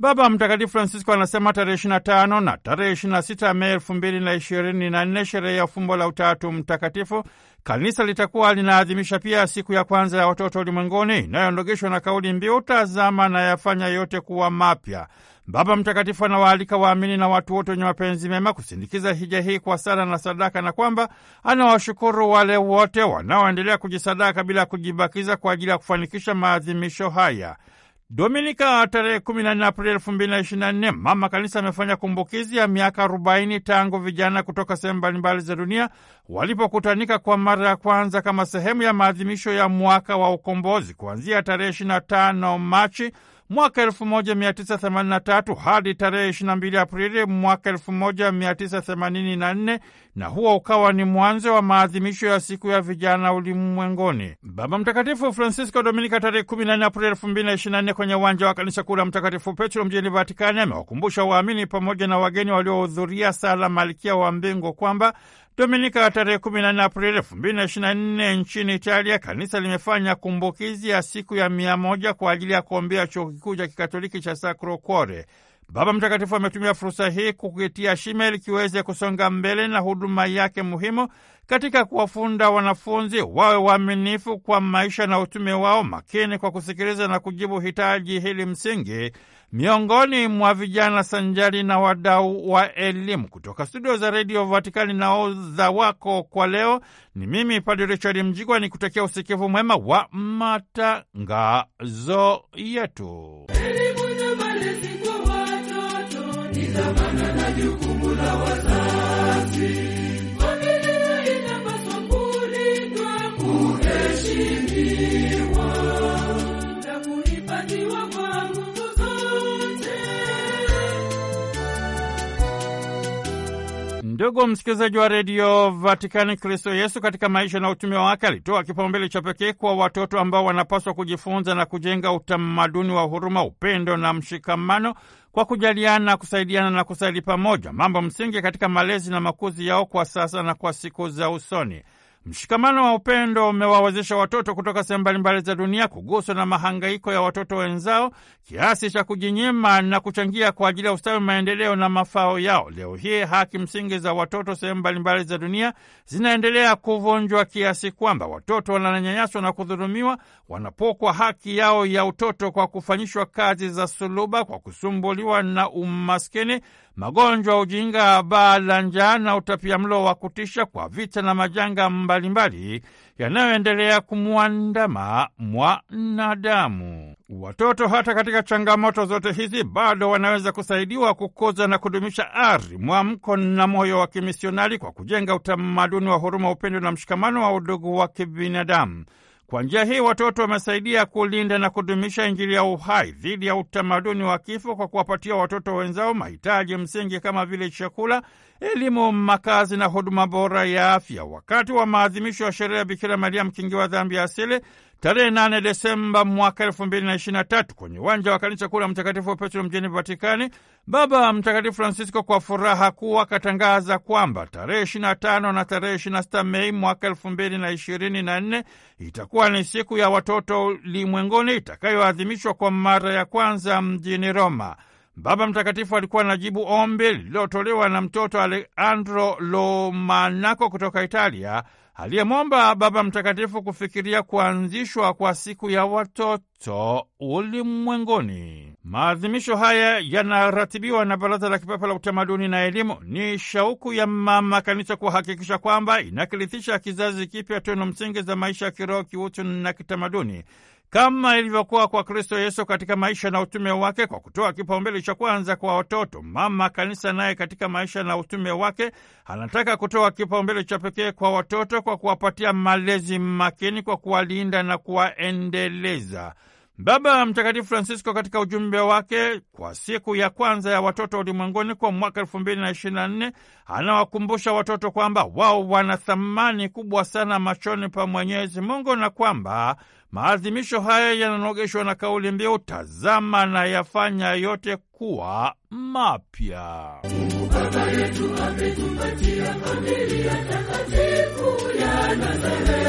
Baba Mtakatifu Francisco anasema tarehe 25 na tarehe 26 Mei elfu sherehe ya fumbo la Utatu Mtakatifu, kanisa litakuwa linaadhimisha pia siku ya kwanza ya watoto ulimwenguni inayoondogeshwa na kauli mbiu tazama na yafanya yote kuwa mapya. Baba Mtakatifu anawaalika waamini na watu wote wenye mapenzi mema kusindikiza hija hii kwa sala na sadaka, na kwamba anawashukuru wale wote wanaoendelea kujisadaka bila kujibakiza kwa ajili ya kufanikisha maadhimisho haya. Dominika tarehe 14 Aprili 2024, mama kanisa amefanya kumbukizi ya miaka 40 tangu vijana kutoka sehemu mbalimbali za dunia walipokutanika kwa mara ya kwanza kama sehemu ya maadhimisho ya mwaka wa ukombozi kuanzia tarehe 25 Machi mwaka 1983 hadi tarehe 22 Aprili mwaka 1984, na huo ukawa ni mwanzo wa maadhimisho ya siku ya vijana ulimwengoni Baba Mtakatifu Francisco Dominika tarehe 14 Aprili 2024 kwenye uwanja wa kanisa kuu la Mtakatifu Petro mjini Vatikani amewakumbusha waamini pamoja na wageni waliohudhuria sala Malkia wa Mbingu kwamba Dominika tarehe 14 Aprili 2024 nchini Italia, kanisa limefanya kumbukizi ya siku ya mia moja kwa ajili ya kuombea chuo kikuu cha kikatoliki cha Sacro Cuore. Baba Mtakatifu ametumia fursa hii kukitia shime ili kiweze kusonga mbele na huduma yake muhimu katika kuwafunda wanafunzi wawe waaminifu kwa maisha na utume wao, makini kwa kusikiliza na kujibu hitaji hili msingi miongoni mwa vijana sanjari na wadau wa elimu. Kutoka studio za redio Vatikani na oza wako kwa leo ni mimi Padre Richard Mjigwa, ni kutakia usikivu mwema wa matangazo yetu. Elimu na malezi kwa watoto ni dhamana na jukumu la wazazi. Ndugu msikilizaji wa redio Vatikani, Kristo Yesu katika maisha na utume wake alitoa kipaumbele cha pekee kwa watoto ambao wanapaswa kujifunza na kujenga utamaduni wa huruma, upendo na mshikamano kwa kujaliana, kusaidiana na kusali pamoja, mambo msingi katika malezi na makuzi yao kwa sasa na kwa siku za usoni. Mshikamano wa upendo umewawezesha watoto kutoka sehemu mbalimbali za dunia kuguswa na mahangaiko ya watoto wenzao kiasi cha kujinyima na kuchangia kwa ajili ya ustawi, maendeleo na mafao yao. Leo hii haki msingi za watoto sehemu mbalimbali za dunia zinaendelea kuvunjwa kiasi kwamba watoto wananyanyaswa na kudhulumiwa wanapokwa haki yao ya utoto kwa kufanyishwa kazi za suluba, kwa kusumbuliwa na umaskini, magonjwa, ujinga, baa la njaa na utapiamlo wa kutisha, kwa vita na majanga mbali mbalimbali yanayoendelea kumwandama mwanadamu. Watoto hata katika changamoto zote hizi bado wanaweza kusaidiwa kukuza na kudumisha ari, mwamko na moyo wa kimisionari kwa kujenga utamaduni wa huruma, upendo na mshikamano wa udugu wa kibinadamu. Kwa njia hii watoto wamesaidia kulinda na kudumisha Injili ya uhai dhidi ya utamaduni wa kifo kwa kuwapatia watoto wenzao mahitaji msingi kama vile chakula, elimu, makazi na huduma bora ya afya. Wakati wa maadhimisho ya sherehe ya Bikira Mariamu kingi wa dhambi ya asili, tarehe 8 Desemba mwaka tatu kwenye uwanja wa kanisa kuu la Mtakatifu Petro mjini Vatikani, Baba Mtakatifu Francisco kwa furaha kuu akatangaza kwamba tarehe 25 na tarehe 26 Mei mwaka na ishirini nne itakuwa ni siku ya watoto ulimwenguni itakayoadhimishwa kwa mara ya kwanza mjini Roma. Baba Mtakatifu alikuwa anajibu ombi lililotolewa na mtoto Alejandro Lomanaco kutoka Italia aliyemwomba Baba Mtakatifu kufikiria kuanzishwa kwa siku ya watoto ulimwenguni. Maadhimisho haya yanaratibiwa na Baraza la Kipapa la Utamaduni na Elimu. Ni shauku ya Mama Kanisa kuhakikisha kwamba inakirithisha kizazi kipya tunu msingi za maisha ya kiroho, kiutu na kitamaduni kama ilivyokuwa kwa Kristo Yesu katika maisha na utume wake, kwa kutoa kipaumbele cha kwanza kwa watoto. Mama Kanisa naye katika maisha na utume wake anataka kutoa kipaumbele cha pekee kwa watoto, kwa kuwapatia malezi makini, kwa kuwalinda na kuwaendeleza. Baba Mtakatifu Francisco katika ujumbe wake kwa siku ya kwanza ya watoto ulimwenguni kwa mwaka elfu mbili na ishirini na nne anawakumbusha watoto kwamba wao wana thamani kubwa sana machoni pa Mwenyezi Mungu na kwamba Maadhimisho haya yananogeshwa na kauli mbiu tazama na yafanya yote kuwa mapya. Mungu Baba yetu ametupatia familia takatifu ya Nazareti.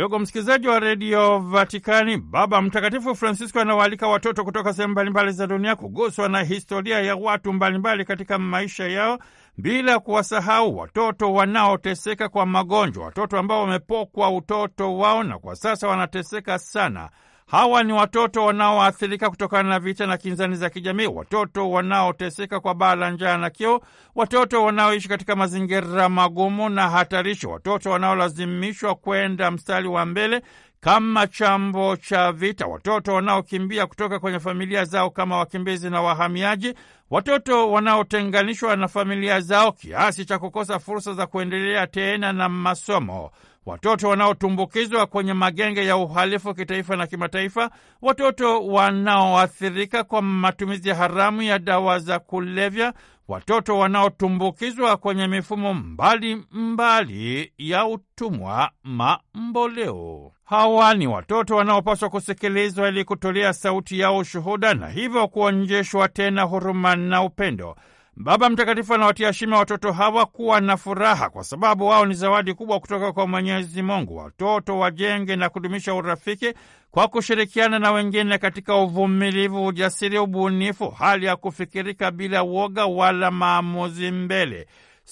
Ndugu msikilizaji wa redio Vatikani, Baba Mtakatifu Francisco anawaalika watoto kutoka sehemu mbalimbali za dunia kuguswa na historia ya watu mbalimbali katika maisha yao bila kuwasahau watoto wanaoteseka kwa magonjwa, watoto ambao wamepokwa utoto wao na kwa sasa wanateseka sana. Hawa ni watoto wanaoathirika kutokana na vita na kinzani za kijamii, watoto wanaoteseka kwa baa la njaa na kio watoto wanaoishi katika mazingira magumu na hatarishi, watoto wanaolazimishwa kwenda mstari wa mbele kama chambo cha vita, watoto wanaokimbia kutoka kwenye familia zao kama wakimbizi na wahamiaji, watoto wanaotenganishwa na familia zao kiasi cha kukosa fursa za kuendelea tena na masomo, watoto wanaotumbukizwa kwenye magenge ya uhalifu kitaifa na kimataifa, watoto wanaoathirika kwa matumizi haramu ya dawa za kulevya, watoto wanaotumbukizwa kwenye mifumo mbalimbali mbali ya utumwa mamboleo. Hawa ni watoto wanaopaswa kusikilizwa ili kutolea sauti yao ushuhuda na hivyo kuonjeshwa tena huruma na upendo. Baba Mtakatifu anawatia shima watoto hawa kuwa na furaha, kwa sababu wao ni zawadi kubwa kutoka kwa Mwenyezi Mungu. Watoto wajenge na kudumisha urafiki kwa kushirikiana na wengine katika uvumilivu, ujasiri, ubunifu, hali ya kufikirika bila uoga wala maamuzi mbele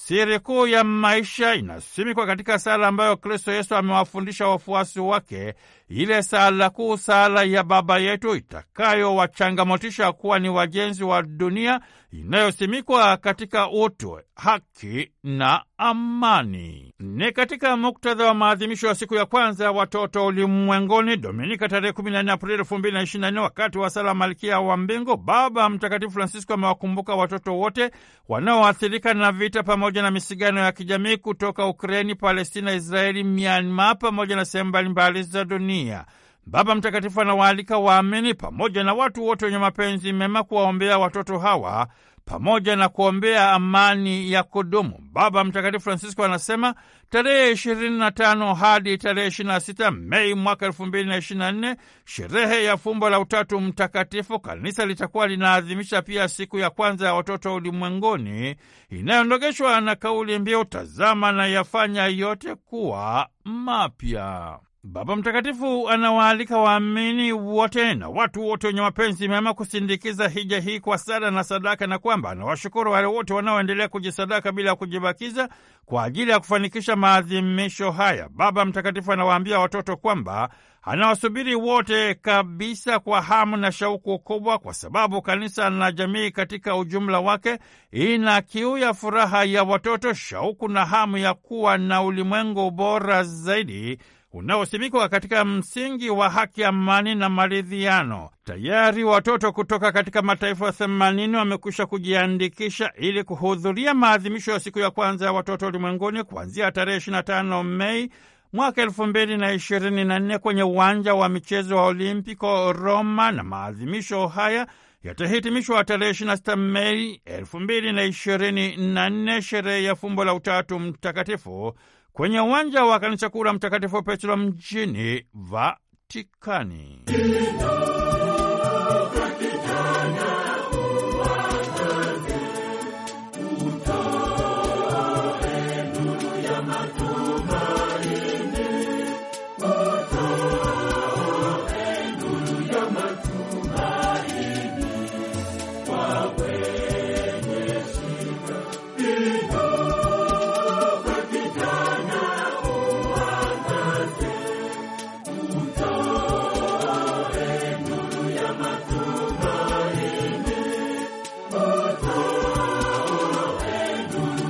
Siri kuu ya maisha inasimikwa katika sala ambayo Kristo Yesu amewafundisha wafuasi wake, ile sala kuu, sala ya Baba yetu, itakayowachangamotisha kuwa ni wajenzi wa dunia inayosimikwa katika utu, haki na amani. Ni katika muktadha wa maadhimisho ya siku ya kwanza ya watoto ulimwengoni, Dominika tarehe 14 Aprili 2024, wakati wa sala Malkia wa Mbingu, Baba Mtakatifu Francisco amewakumbuka watoto wote wanaoathirika na vita pamoja na misigano ya kijamii kutoka Ukraini, Palestina, Israeli, Myanmar pamoja na sehemu mbalimbali za dunia. Baba Mtakatifu anawaalika waamini pamoja na watu wote wenye mapenzi mema kuwaombea watoto hawa pamoja na kuombea amani ya kudumu. Baba Mtakatifu Francisco anasema tarehe 25 hadi tarehe 26 Mei mwaka 2024, sherehe ya fumbo la Utatu Mtakatifu, kanisa litakuwa linaadhimisha pia siku ya kwanza ya watoto ulimwenguni inayondogeshwa na kauli mbiu tazama na yafanya yote kuwa mapya. Baba Mtakatifu anawaalika waamini wote na watu wote wenye mapenzi mema kusindikiza hija hii kwa sala na sadaka, na kwamba anawashukuru wale wote wanaoendelea kujisadaka bila kujibakiza kwa ajili ya kufanikisha maadhimisho haya. Baba Mtakatifu anawaambia watoto kwamba anawasubiri wote kabisa kwa hamu na shauku kubwa, kwa sababu kanisa na jamii katika ujumla wake ina kiu ya furaha ya watoto, shauku na hamu ya kuwa na ulimwengu bora zaidi unaosimikwa katika msingi wa haki, amani na maridhiano. Tayari watoto kutoka katika mataifa themanini wamekwisha kujiandikisha ili kuhudhuria maadhimisho ya siku ya kwanza ya watoto ulimwenguni kuanzia tarehe 25 Mei mwaka elfu mbili na ishirini na nne kwenye uwanja wa michezo wa Olimpico Roma, na maadhimisho haya yatahitimishwa tarehe sita Mei elfu mbili na ishirini na nne sherehe ya fumbo la Utatu Mtakatifu kwenye uwanja wa kanisa kuu la Mtakatifu Petro mjini Vatikani.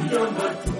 Don't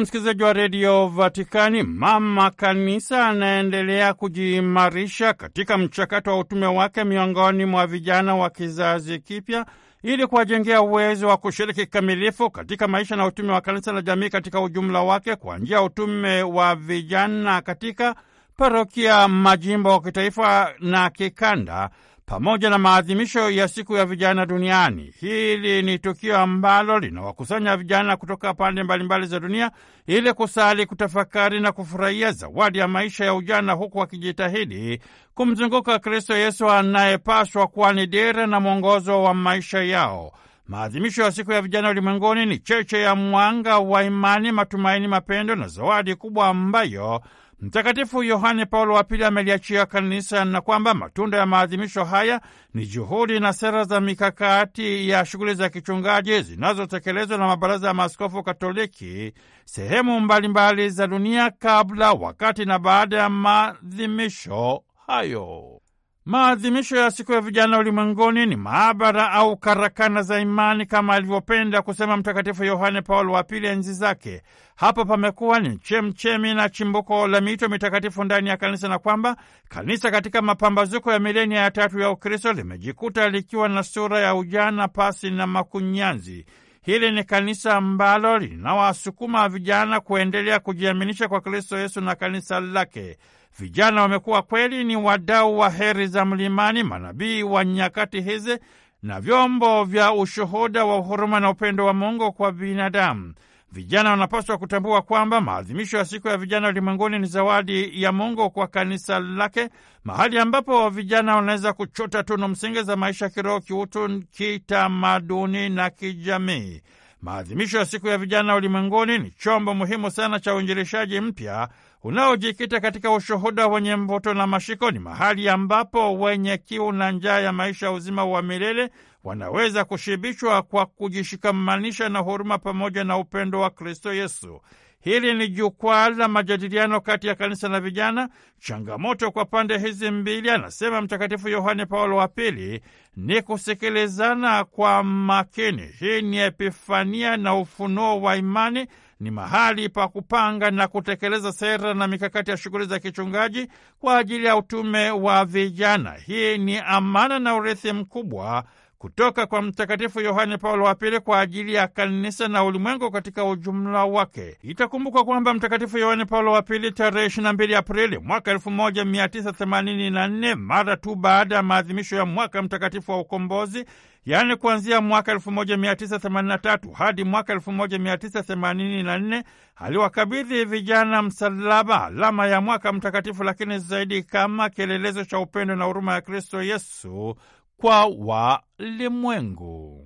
msikilizaji wa redio Vatikani, mama kanisa anaendelea kujiimarisha katika mchakato wa utume wake miongoni mwa vijana wa kizazi kipya ili kuwajengea uwezo wa kushiriki kikamilifu katika maisha na utume wa kanisa na jamii katika ujumla wake kwa njia ya utume wa vijana katika parokia, majimbo, kitaifa na kikanda pamoja na maadhimisho ya siku ya vijana duniani. Hili ni tukio ambalo linawakusanya vijana kutoka pande mbalimbali za dunia ili kusali, kutafakari na kufurahia zawadi ya maisha ya ujana, huku wakijitahidi kumzunguka Kristo Yesu anayepaswa kuwa ni dira na mwongozo wa maisha yao. Maadhimisho ya siku ya vijana ulimwenguni ni cheche ya mwanga wa imani, matumaini, mapendo na zawadi kubwa ambayo Mtakatifu Yohane Paulo wa Pili ameliachia kanisa na kwamba matunda ya maadhimisho haya ni juhudi na sera za mikakati ya shughuli za kichungaji zinazotekelezwa na mabaraza ya maaskofu Katoliki sehemu mbalimbali mbali za dunia, kabla, wakati na baada ya maadhimisho hayo. Maadhimisho ya siku ya vijana ulimwenguni ni maabara au karakana za imani kama alivyopenda kusema Mtakatifu Yohane Paulo wa Pili enzi zake. Hapa pamekuwa ni chemchemi na chimbuko la mito mitakatifu ndani ya kanisa, na kwamba kanisa katika mapambazuko ya milenia ya tatu ya Ukristo limejikuta likiwa na sura ya ujana pasi na makunyanzi. Hili ni kanisa ambalo linawasukuma vijana kuendelea kujiaminisha kwa Kristo Yesu na kanisa lake. Vijana wamekuwa kweli ni wadau wa heri za mlimani, manabii wa nyakati hizi na vyombo vya ushuhuda wa huruma na upendo wa Mungu kwa binadamu. Vijana wanapaswa kutambua kwamba maadhimisho ya siku ya vijana ulimwenguni ni zawadi ya Mungu kwa kanisa lake, mahali ambapo vijana wanaweza kuchota tunu msingi za maisha kiroho, kiutu, kitamaduni na kijamii. Maadhimisho ya siku ya vijana ulimwenguni ni chombo muhimu sana cha uinjirishaji mpya unaojikita katika ushuhuda wenye mvuto na mashiko. Ni mahali ambapo wenye kiu na njaa ya maisha ya uzima wa milele wanaweza kushibishwa kwa kujishikamanisha na huruma pamoja na upendo wa Kristo Yesu. Hili ni jukwaa la majadiliano kati ya kanisa na vijana. Changamoto kwa pande hizi mbili, anasema Mtakatifu Yohane Paulo wa Pili, ni kusikilizana kwa makini. Hii ni epifania na ufunuo wa imani ni mahali pa kupanga na kutekeleza sera na mikakati ya shughuli za kichungaji kwa ajili ya utume wa vijana. Hii ni amana na urithi mkubwa kutoka kwa Mtakatifu Yohane Paulo wa Pili kwa ajili ya kanisa na ulimwengu katika ujumla wake. Itakumbukwa kwamba Mtakatifu Yohane Paulo wa Pili tarehe 22 Aprili mwaka 1984 mara tu baada ya maadhimisho ya mwaka mtakatifu wa ukombozi yaani kuanzia mwaka 1983 hadi mwaka 1984 aliwakabidhi vijana msalaba, alama ya mwaka mtakatifu, lakini zaidi kama kielelezo cha upendo na huruma ya Kristo Yesu kwa walimwengu.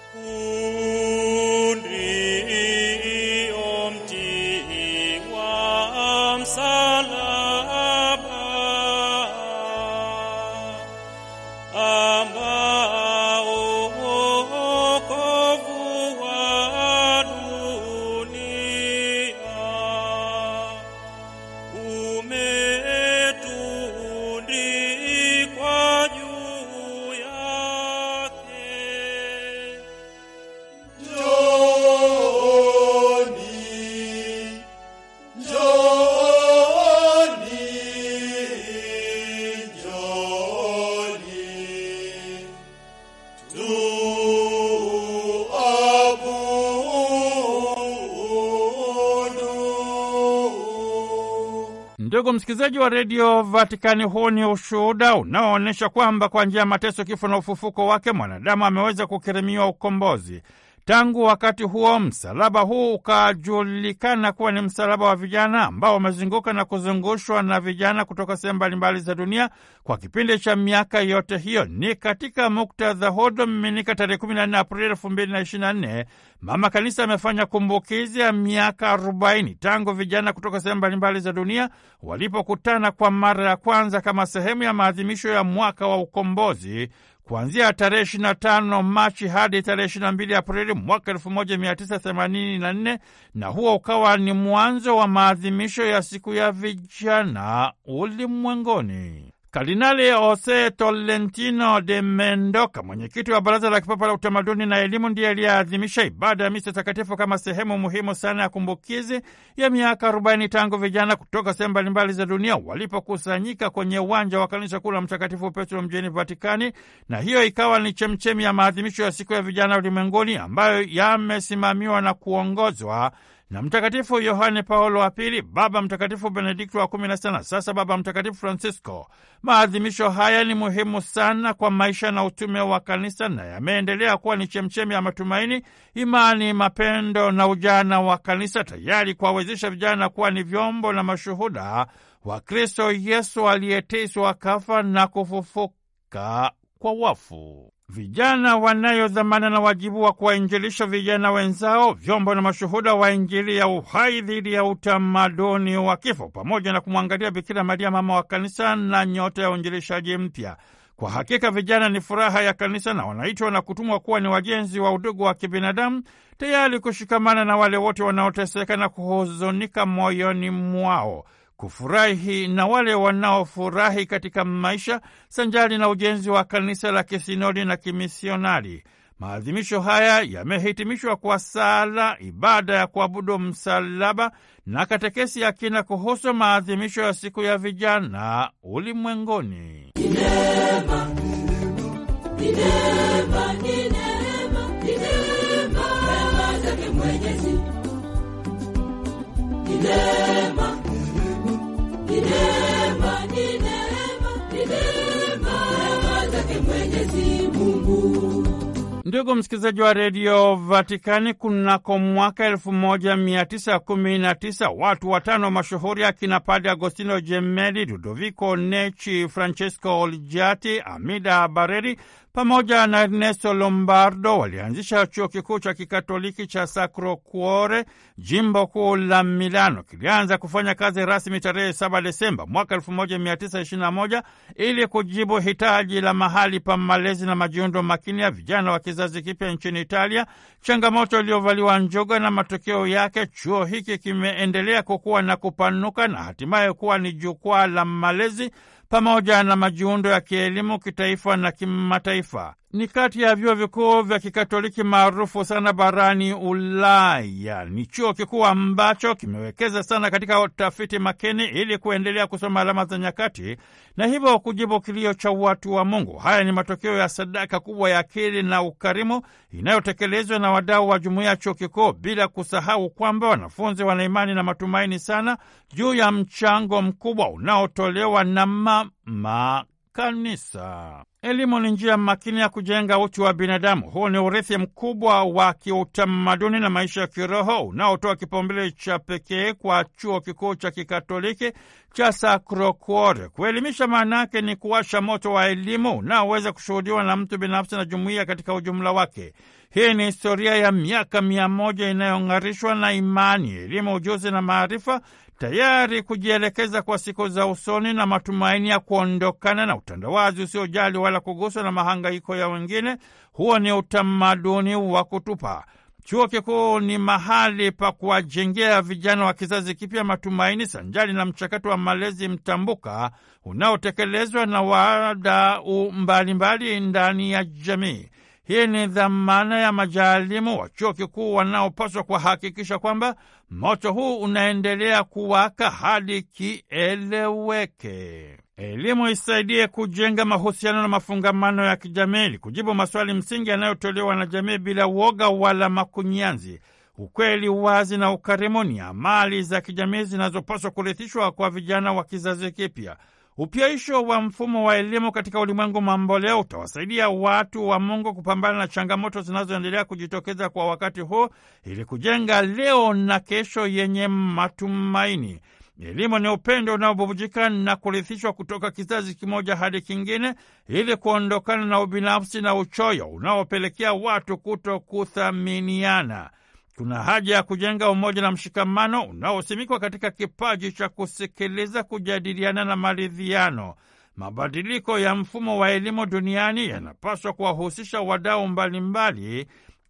msikilizaji wa redio Vatikani, huu ni ushuhuda unaoonyesha kwamba kwa njia ya mateso, kifo na ufufuko wake mwanadamu ameweza kukirimiwa ukombozi. Tangu wakati huo msalaba huu ukajulikana kuwa ni msalaba wa vijana ambao wamezunguka na kuzungushwa na vijana kutoka sehemu mbalimbali za dunia kwa kipindi cha miaka yote hiyo. Ni katika muktadha hodo mminika tarehe 14 Aprili 2024 Mama Kanisa amefanya kumbukizi ya miaka 40 tangu vijana kutoka sehemu mbalimbali za dunia walipokutana kwa mara ya kwanza kama sehemu ya maadhimisho ya mwaka wa ukombozi kuanzia tarehe 25 Machi hadi tarehe mbili Aprili mwaka 1984 na huo ukawa ni mwanzo wa maadhimisho ya siku ya vijana ulimwengoni Kardinali Jose Tolentino de Mendoka, mwenyekiti wa Baraza la Kipapa la Utamaduni na Elimu, ndiye aliyeadhimisha ibada ya misa takatifu kama sehemu muhimu sana ya kumbukizi ya miaka arobaini tangu vijana kutoka sehemu mbalimbali za dunia walipokusanyika kwenye uwanja wa kanisa kuu la Mtakatifu Petro mjini Vatikani, na hiyo ikawa ni chemchemi ya maadhimisho ya siku ya vijana ulimwenguni ambayo yamesimamiwa na kuongozwa na Mtakatifu Yohane Paulo wa Pili, Baba Mtakatifu Benedikto wa kumi na sita na sasa Baba Mtakatifu Francisco. Maadhimisho haya ni muhimu sana kwa maisha na utume wa Kanisa na yameendelea kuwa ni chemchemi ya matumaini, imani, mapendo na ujana wa Kanisa, tayari kuwawezesha vijana kuwa ni vyombo na mashuhuda wa Kristo Yesu aliyeteswa, kafa na kufufuka kwa wafu. Vijana wanayo dhamana na wajibu wa kuwainjilisha vijana wenzao, vyombo na mashuhuda wa Injili ya uhai dhidi ya utamaduni wa kifo, pamoja na kumwangalia Bikira Maria, mama wa kanisa na nyota ya uinjilishaji mpya. Kwa hakika vijana ni furaha ya kanisa na wanaitwa na kutumwa kuwa ni wajenzi wa udugu wa kibinadamu, tayari kushikamana na wale wote wanaoteseka na kuhuzunika moyoni mwao kufurahi na wale wanaofurahi katika maisha sanjari na ujenzi wa kanisa la kisinodi na kimisionari. Maadhimisho haya yamehitimishwa kwa sala, ibada ya kuabudu msalaba na katekesi ya kina kuhusu maadhimisho ya siku ya vijana ulimwenguni. Ndugu msikilizaji wa redio Vatikani, kunako mwaka elfu moja mia tisa kumi na tisa watu watano mashuhuri akina Padre Agostino Gemelli, Ludovico Nechi, Francesco Olgiati, Amida Bareri pamoja na Ernesto Lombardo walianzisha chuo kikuu cha kikatoliki cha Sacro Cuore jimbo kuu la Milano. Kilianza kufanya kazi rasmi tarehe 7 Desemba mwaka 1921 ili kujibu hitaji la mahali pa malezi na majiundo makini ya vijana wa kizazi kipya nchini Italia, changamoto iliyovaliwa njoga Na matokeo yake chuo hiki kimeendelea kukua na kupanuka na hatimaye kuwa ni jukwaa la malezi pamoja na majiundo ya kielimu, kitaifa na kimataifa ni kati ya vyuo vikuu vya kikatoliki maarufu sana barani Ulaya. Ni chuo kikuu ambacho kimewekeza sana katika utafiti makini ili kuendelea kusoma alama za nyakati na hivyo kujibu kilio cha watu wa Mungu. Haya ni matokeo ya sadaka kubwa ya akili na ukarimu inayotekelezwa na wadau wa jumuiya ya chuo kikuu, bila kusahau kwamba wanafunzi wana imani na matumaini sana juu ya mchango mkubwa unaotolewa na mama kanisa. Elimu ni njia makini ya kujenga utu wa binadamu. Huu ni urithi mkubwa wa kiutamaduni na maisha ya kiroho unaotoa kipaumbele cha pekee kwa chuo kikuu cha kikatoliki cha Sacro Kuelimisha maana yake ni kuwasha moto wa elimu unaoweza kushuhudiwa na mtu binafsi na jumuiya katika ujumla wake. Hii ni historia ya miaka mia moja inayong'arishwa na imani, elimu, ujuzi na maarifa, tayari kujielekeza kwa siku za usoni na matumaini ya kuondokana na utandawazi usiojali wala kuguswa na mahangaiko ya wengine. Huo ni utamaduni wa kutupa. Chuo kikuu ni mahali pa kuwajengea vijana wa kizazi kipya matumaini sanjali na mchakato wa malezi mtambuka unaotekelezwa na wadau mbalimbali ndani ya jamii. Hii ni dhamana ya majaalimu wa chuo kikuu wanaopaswa kuhakikisha kwamba moto huu unaendelea kuwaka hadi kieleweke. Elimu isaidie kujenga mahusiano na mafungamano ya kijamii, kujibu maswali msingi yanayotolewa na jamii bila woga wala makunyanzi. Ukweli, wazi na ukarimu ni amali za kijamii zinazopaswa kurithishwa kwa vijana wa kizazi kipya. Upyaisho wa mfumo wa elimu katika ulimwengu mamboleo utawasaidia watu wa Mungu kupambana na changamoto zinazoendelea kujitokeza kwa wakati huu ili kujenga leo na kesho yenye matumaini. Elimu ni upendo unaobubujika na kurithishwa kutoka kizazi kimoja hadi kingine ili kuondokana na ubinafsi na uchoyo unaopelekea watu kuto kuthaminiana. Kuna haja ya kujenga umoja na mshikamano unaosimikwa katika kipaji cha kusikiliza, kujadiliana na maridhiano. Mabadiliko ya mfumo wa elimu duniani yanapaswa kuwahusisha wadau mbalimbali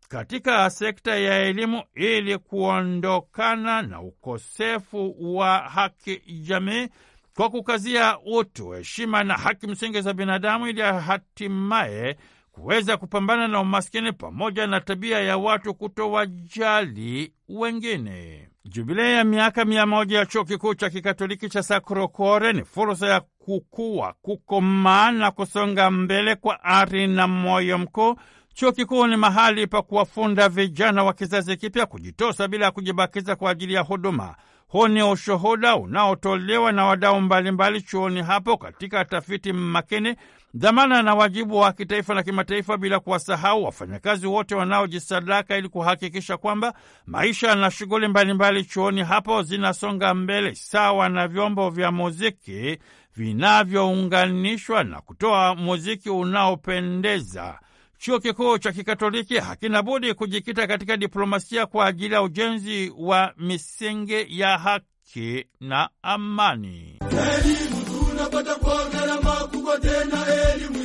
katika sekta ya elimu ili kuondokana na ukosefu wa haki jamii kwa kukazia utu, heshima na haki msingi za binadamu ili hatimaye kuweza kupambana na umaskini pamoja na tabia ya watu kutowajali wengine. Jubilei ya miaka mia moja ya chuo kikuu cha kikatoliki cha Sacro Cuore ni fursa ya kukua, kukomaa na kusonga mbele kwa ari na moyo mkuu. Chuo kikuu ni mahali pa kuwafunda vijana wa kizazi kipya kujitosa bila ya kujibakiza kwa ajili ya huduma. Huu ni ushuhuda unaotolewa na wadau mbalimbali chuoni hapo katika tafiti makini dhamana na wajibu wa kitaifa na kimataifa, bila kuwasahau wafanyakazi wote wanaojisadaka ili kuhakikisha kwamba maisha na shughuli mbalimbali chuoni hapo zinasonga mbele sawa na vyombo vya muziki vinavyounganishwa na kutoa muziki unaopendeza. Chuo kikuu cha Kikatoliki hakina budi kujikita katika diplomasia kwa ajili ya ujenzi wa misingi ya haki na amani. Elimu tunapata kwa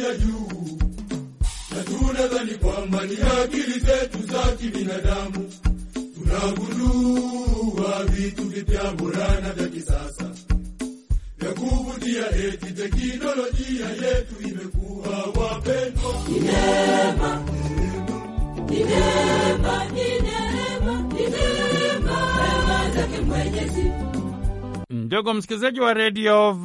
ya juu, na tunadhani kwamba ni akili zetu za kibinadamu. Tunagundua vitu vipya bora vya kisasa vya kuvutia, eti teknolojia yetu imekuwa wapendwa, neema, neema, neema, neema, neema zake Mwenyezi Ndugu msikilizaji wa redio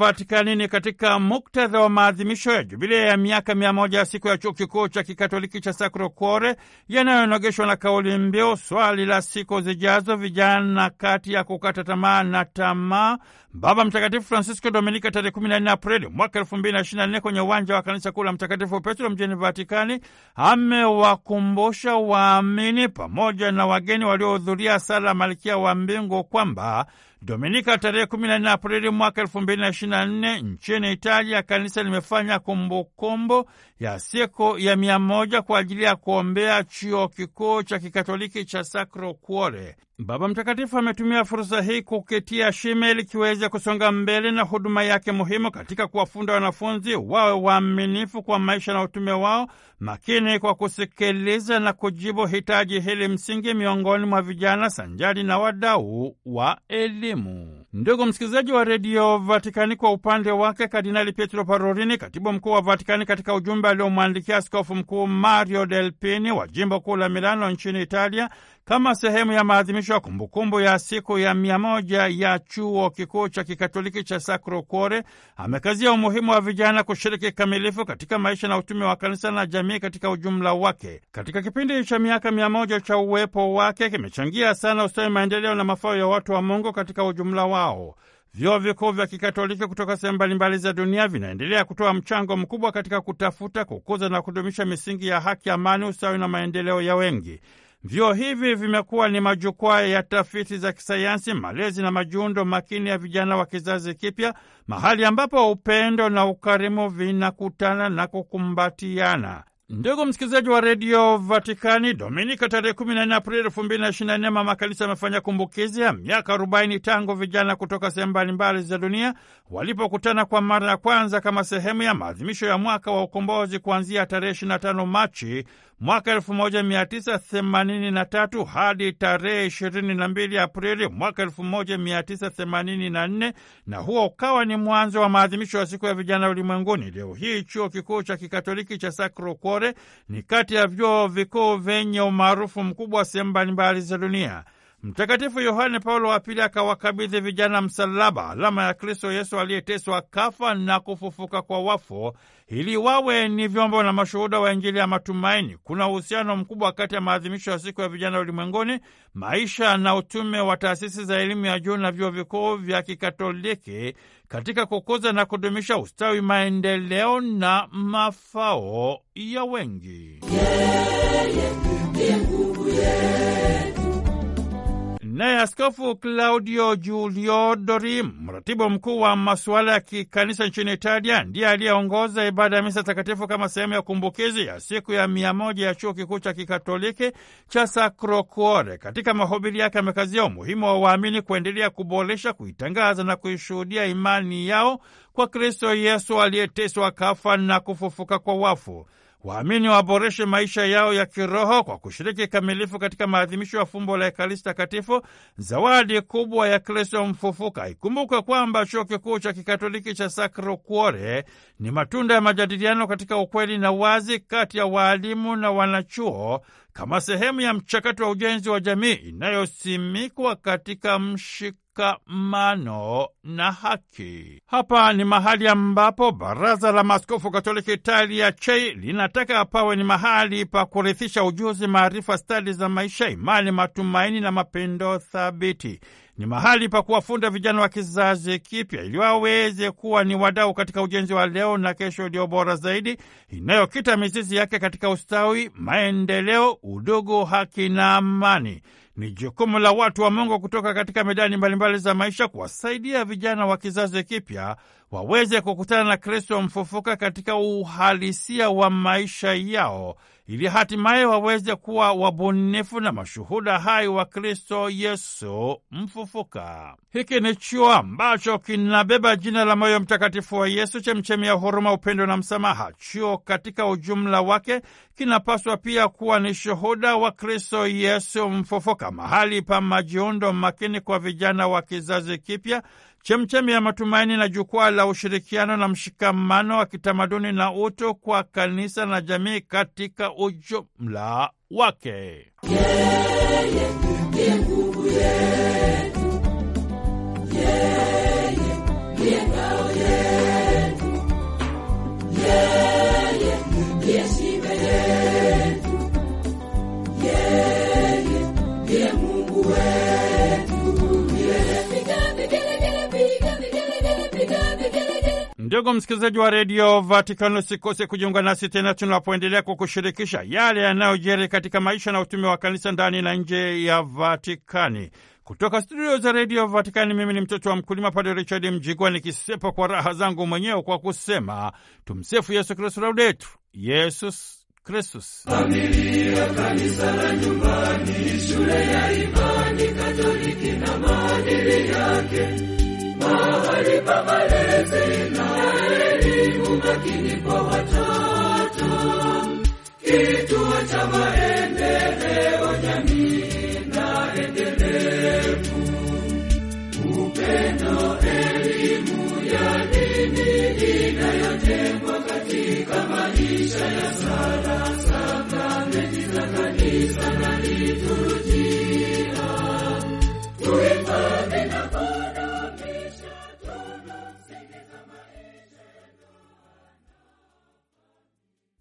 ni katika muktadha wa maadhimisho ya jubilia ya miaka mia moja ya siku ya chuo kikuu cha kikatoliki cha Sacro Cuore yanayonogeshwa na kauli mbiu swali la siku zijazo, vijana kati ya kukata tamaa na tamaa, Baba Mtakatifu Francisco Dominika tarehe kumi na nne Aprili mwaka elfu mbili na ishirini na nne kwenye uwanja wa kanisa kuu la Mtakatifu Petro mjini Vatikani amewakumbusha waamini pamoja na wageni waliohudhuria sala Malkia wa Mbingu kwamba Dominika tarehe 14 Aprili mwaka 2024 nchini Italia, kanisa limefanya kumbukumbu ya siku ya mia moja kwa ajili ya kuombea chuo kikuu cha kikatoliki cha Sacro Cuore. Baba Mtakatifu ametumia fursa hii kukitia shime ili kiweze kusonga mbele na huduma yake muhimu katika kuwafunda wanafunzi wawe waaminifu kwa maisha na utume wao, makini kwa kusikiliza na kujibu hitaji hili msingi miongoni mwa vijana sanjari na wadau wa elimu. Ndugu msikilizaji wa redio Vatikani, kwa upande wake Kardinali Pietro Parolini, katibu mkuu wa Vatikani, katika ujumbe aliomwandikia askofu mkuu Mario Delpini wa jimbo kuu la Milano nchini Italia kama sehemu ya maadhimisho ya kumbukumbu ya siku ya mia moja ya chuo kikuu cha kikatoliki cha Sacro Cuore, amekazia umuhimu wa vijana kushiriki kikamilifu katika maisha na utume wa kanisa na jamii katika ujumla wake. Katika kipindi cha miaka mia moja cha uwepo wake kimechangia sana ustawi, maendeleo na mafao ya watu wa Mungu katika ujumla wao. Vyuo vikuu vya kikatoliki kutoka sehemu mbalimbali za dunia vinaendelea kutoa mchango mkubwa katika kutafuta, kukuza na kudumisha misingi ya haki, amani, usawi na maendeleo ya wengi. Vyuo hivi vimekuwa ni majukwaa ya tafiti za kisayansi, malezi na majundo makini ya vijana wa kizazi kipya, mahali ambapo upendo na ukarimu vinakutana na kukumbatiana. Ndugu msikilizaji wa redio Vatikani, Dominika tarehe 14 Aprili 2024 mama kanisa amefanya kumbukizi ya miaka 40 tangu vijana kutoka sehemu mbalimbali za dunia walipokutana kwa mara ya kwanza kama sehemu ya maadhimisho ya mwaka wa ukombozi kuanzia tarehe 25 Machi mwaka 1983 hadi tarehe 22 Aprili mwaka 1984, na huo ukawa ni mwanzo wa maadhimisho ya siku ya vijana ulimwenguni. Leo hii chuo kikuu cha kikatoliki cha Sacro Cuore ni kati ya vyuo vikuu vyenye umaarufu mkubwa sehemu mbalimbali za dunia. Mtakatifu Yohane Paulo wa Pili akawakabidhi vijana msalaba, alama ya Kristo Yesu aliyeteswa, kafa na kufufuka kwa wafu, ili wawe ni vyombo na mashuhuda wa Injili ya matumaini. Kuna uhusiano mkubwa kati ya maadhimisho ya siku ya vijana ulimwenguni, maisha na utume wa taasisi za elimu ya juu na vyuo vikuu vya Kikatoliki katika kukuza na kudumisha ustawi, maendeleo na mafao ya wengi. yeah, yeah. Naye Askofu Claudio Juliodori, mratibu mkuu wa masuala ya kikanisa nchini Italia, ndiye aliyeongoza ibada ya misa takatifu kama sehemu ya kumbukizi ya siku ya mia moja ya chuo kikuu cha kikatoliki cha Sacro Cuore. Katika mahubiri yake amekazia umuhimu wa waamini kuendelea kuboresha, kuitangaza na kuishuhudia imani yao kwa Kristo Yesu aliyeteswa, kafa na kufufuka kwa wafu. Waamini waboreshe maisha yao ya kiroho kwa kushiriki kamilifu katika maadhimisho ya fumbo la Ekaristi Takatifu, zawadi kubwa ya Kristo mfufuka. Ikumbukwe kwamba chuo kikuu cha kikatoliki cha Sacro Cuore ni matunda ya majadiliano katika ukweli na wazi kati ya waalimu na wanachuo kama sehemu ya mchakato wa ujenzi wa jamii inayosimikwa katika mshik mshikamano na haki. Hapa ni mahali ambapo Baraza la Maaskofu Katoliki Italia chei linataka pawe ni mahali pa kurithisha ujuzi, maarifa, stadi za maisha, imani, matumaini na mapendo thabiti. Ni mahali pa kuwafunda vijana wa kizazi kipya ili waweze kuwa ni wadau katika ujenzi wa leo na kesho iliyo bora zaidi inayokita mizizi yake katika ustawi, maendeleo, udugu, haki na amani. Ni jukumu la watu wa Mungu kutoka katika medani mbalimbali za maisha kuwasaidia vijana wa kizazi kipya waweze kukutana na Kristo mfufuka katika uhalisia wa maisha yao ili hatimaye waweze kuwa wabunifu na mashuhuda hai wa Kristo Yesu mfufuka. Hiki ni chuo ambacho kinabeba jina la moyo mtakatifu wa Yesu, chemchemi ya huruma, upendo na msamaha. Chuo katika ujumla wake kinapaswa pia kuwa ni shuhuda wa Kristo Yesu mfufuka, mahali pa majiundo makini kwa vijana wa kizazi kipya chemchemi ya matumaini na jukwaa la ushirikiano na mshikamano wa kitamaduni na utu kwa kanisa na jamii katika ujumla wake. yeah, yeah, yeah, yeah, yeah. Ndugu msikilizaji wa redio Vatikano, usikose kujiunga nasi tena tunapoendelea kukushirikisha yale yanayojiri katika maisha na utume wa kanisa ndani na nje ya Vatikani. Kutoka studio za redio Vatikani, mimi ni mtoto wa mkulima Padre Richard Mjigwa, nikisepa kwa raha zangu mwenyewe kwa kusema tumsifu Yesu Kristu, laudetu Yesus Kristus. Familia, kanisa la nyumbani, shule ya imani Katoliki na maadili yake mahali pa malezi na elimu makini kwa watoto, kituo cha maendeleo